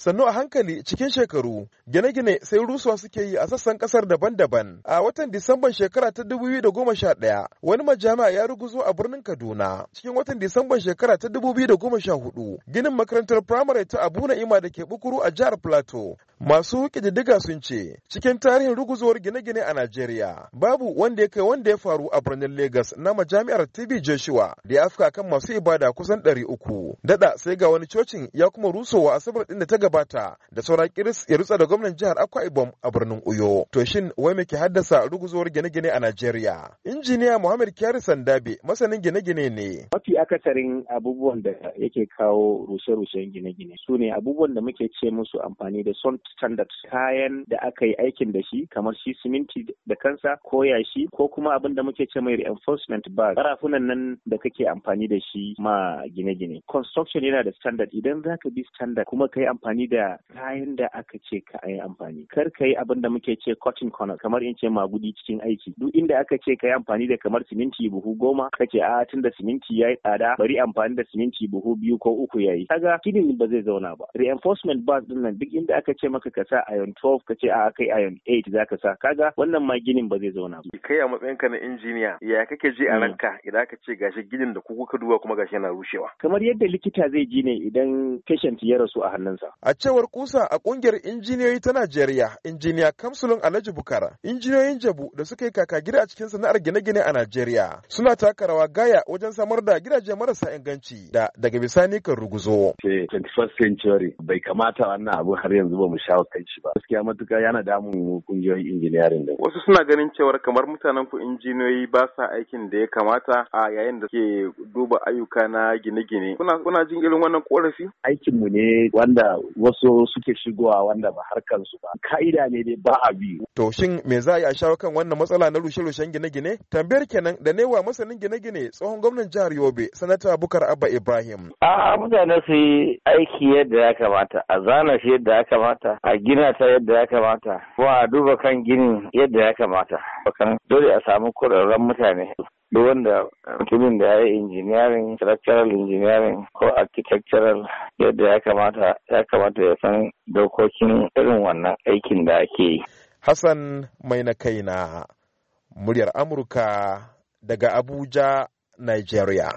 sannu a hankali cikin shekaru gine-gine sai rusuwa suke yi a sassan kasar daban-daban a watan disamban shekara ta 2011 wani majami'a ya ruguzo a birnin kaduna cikin watan disamban shekara ta 2014 ginin makarantar firamare ta abu Ima da ke bukuru a jihar plateau Masu ƙididdiga sun ce cikin tarihin ruguzuwar gine-gine a Najeriya babu wanda ya kai wanda ya faru a birnin Legas na majami'ar TB Joshua da ya afka kan masu ibada kusan ɗari uku. daɗa sai ga wani cocin ya kuma rusowa asabar ɗin da ta gabata da sauran kiris ya rutsa da gwamnan jihar Akwa Ibom a birnin Uyo. To shin wai me ke haddasa ruguzuwar gine-gine a Najeriya? Injiniya Muhammad Kyari Sandabe masanin gine-gine ne. Mafi akasarin abubuwan da yake kawo rushe-rushen gine-gine su ne abubuwan da muke ce musu amfani da son standard kayan da aka yi aikin da shi kamar shi siminti da kansa ko yashi ko kuma abin da muke ce mai reinforcement bar karafunan nan da kake amfani da shi ma gine-gine construction yana da standard idan za ka bi standard kuma ka yi amfani da kayan da aka ce ka yi amfani kar ka yi abin da muke ce cotton corner kamar in ce magudi cikin aiki duk inda aka ce ka yi amfani da kamar siminti buhu goma ka ce a tun da siminti ya yi tsada bari amfani da siminti buhu biyu ko uku ya yi kaga kidin ba zai zauna ba reinforcement bar din nan duk inda aka ce maka maka ka sa iron 12 ka ce a kai ayon 8 zaka sa kaga wannan ma ginin ba zai zauna ba kai a matsayin ka na injiniya ya kake ji a hmm. ranka idan ka ce gashi ginin da kuka duba kuma gashi yana rushewa kamar yadda likita zai ji ne idan patient ya rasu a hannunsa a cewar kusa a kungiyar injiniyoyi ta Najeriya injiniya Kamsulun Alhaji Bukara injiniyoyin Jabu da suka yi kaka gida a cikin sana'ar gine-gine a Najeriya suna taka rawa gaya wajen samar da gidaje marasa inganci da daga bisani kan ruguzo 21st eh, century bai kamata wannan abu har yanzu ba mu sha. shawo kai shi ba gaskiya matuka yana damun mu kungiyoyin injiniyarin din wasu suna ganin cewar kamar mutanen ku injiniyoyi ba sa aikin da ya kamata a yayin da suke duba ayyuka na gine-gine kuna kuna jin irin wannan korafi aikin mu ne wanda wasu suke shigowa wanda ba harkar su ba ka'ida ne dai ba a bi to shin me za a yi a shawo kan wannan matsala na rushe-rushen gine-gine tambayar kenan da newa masanin gine-gine tsohon gwamnan jihar Yobe sanata Bukar Abba Ibrahim A'a, mutane su yi aiki yadda ya kamata a zana shi yadda ya kamata kamata a gina ta yadda ya kamata ko a duba kan ginin yadda ya kamata bakan dole a samu kurarren mutane duk wanda mutumin da ya yi engineering structural engineering ko architectural yadda ya kamata ya kamata ya san dokokin irin wannan aikin da ake yi hassan mai na kai na muryar amurka daga abuja nigeria